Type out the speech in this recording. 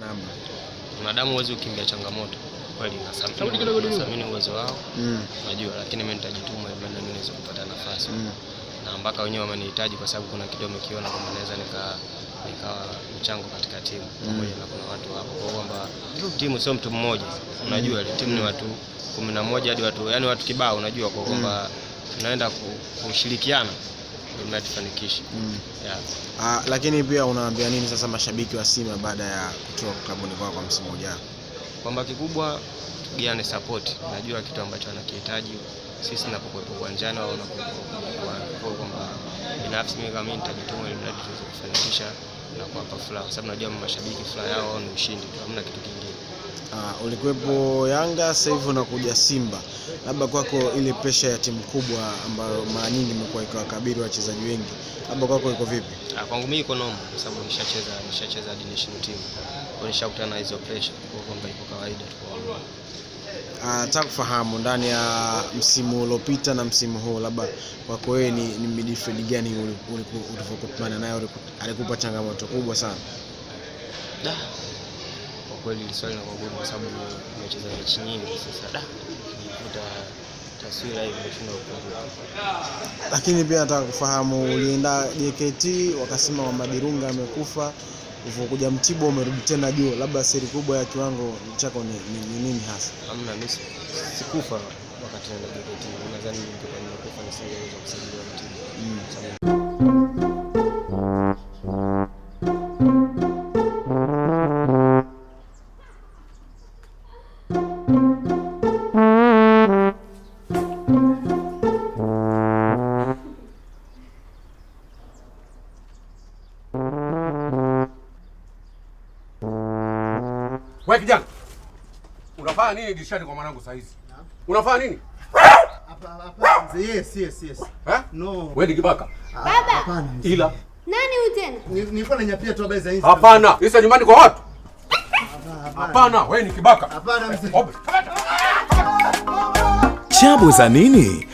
Naam. Mwanadamu huwezi ukimbia changamoto. Kweli nasamini uwezo wao. Mm. Najua lakini mimi nitajituma ili mimi niweze kupata nafasi. Mm. Na mpaka wenyewe wamenihitaji kwa sababu kuna kidogo nikiona kwamba naweza nika nikawa mchango katika timu mm. pamoja mm. na kuna watu hapo kwa kwamba timu sio mtu mmoja. Mm. Unajua ile timu ni watu kumi na moja hadi watu yani watu kibao unajua kwa kwamba mm. tunaenda kushirikiana mnatufanikisha mm. yeah. Ah, lakini pia unaambia nini sasa mashabiki wa Simba baada ya kutoka klabuni kwao kwa msimu ujao? Kwamba kikubwa tugiane support, najua kitu ambacho anakihitaji sisi napokuwepo uwanjani au napokuwepo kwamba binafsi mimi kama nitajituma ili mradi tuweze kufanikisha na kuwapa furaha, kwa sababu najua mashabiki furaha yao ni ushindi, hamna kitu kingine. Uh, ulikuwepo Yanga, sasa hivi unakuja Simba, labda kwako ile pesha ya timu kubwa ambayo mara nyingi imekuwa ikiwakabili wachezaji wengi, labda kwako iko vipi? Ah, kwangu mimi iko noma kwa sababu nishacheza nishacheza hadi national team, kwa nishakutana na hizo pressure, kwa kwamba iko kawaida tu kwa nataka uh, kufahamu ndani ya msimu uliopita na msimu huu, labda kwako wewe ni, ni midfield gani ulivyokutumana nayo alikupa changamoto kubwa sana? Da kweli swali la gumu kwa sababu nimecheza mechi nyingi sasa, da nikivuta taswira hii nimeshindwa kukumbuka. Lakini pia nataka kufahamu ulienda JKT wakasema kwamba Dirunga amekufa, uvokuja Mtibwa umerudi tena juu, labda siri kubwa ya kiwango chako ni, nini ni, ni ni hasa? Hamna, mimi sikufa wakati nenda JKT, nadhani ningekuwa nimekufa nisingeweza kusajiliwa Mtibwa mm. Wewe kijana. Unafanya nini dirishani kwa mwanangu saa hizi? Unafanya nini? Hapa Yes, yes, yes. Eh? No. Wewe ni kibaka. Ah, Baba. Hapana. Ila nani huyu tena? Nilikuwa nanyapia tu habari za hizi. Hapana. Hizi nyumbani kwa watu. Hapana, wewe ni kibaka. Hapana mzee. Chabu za nini?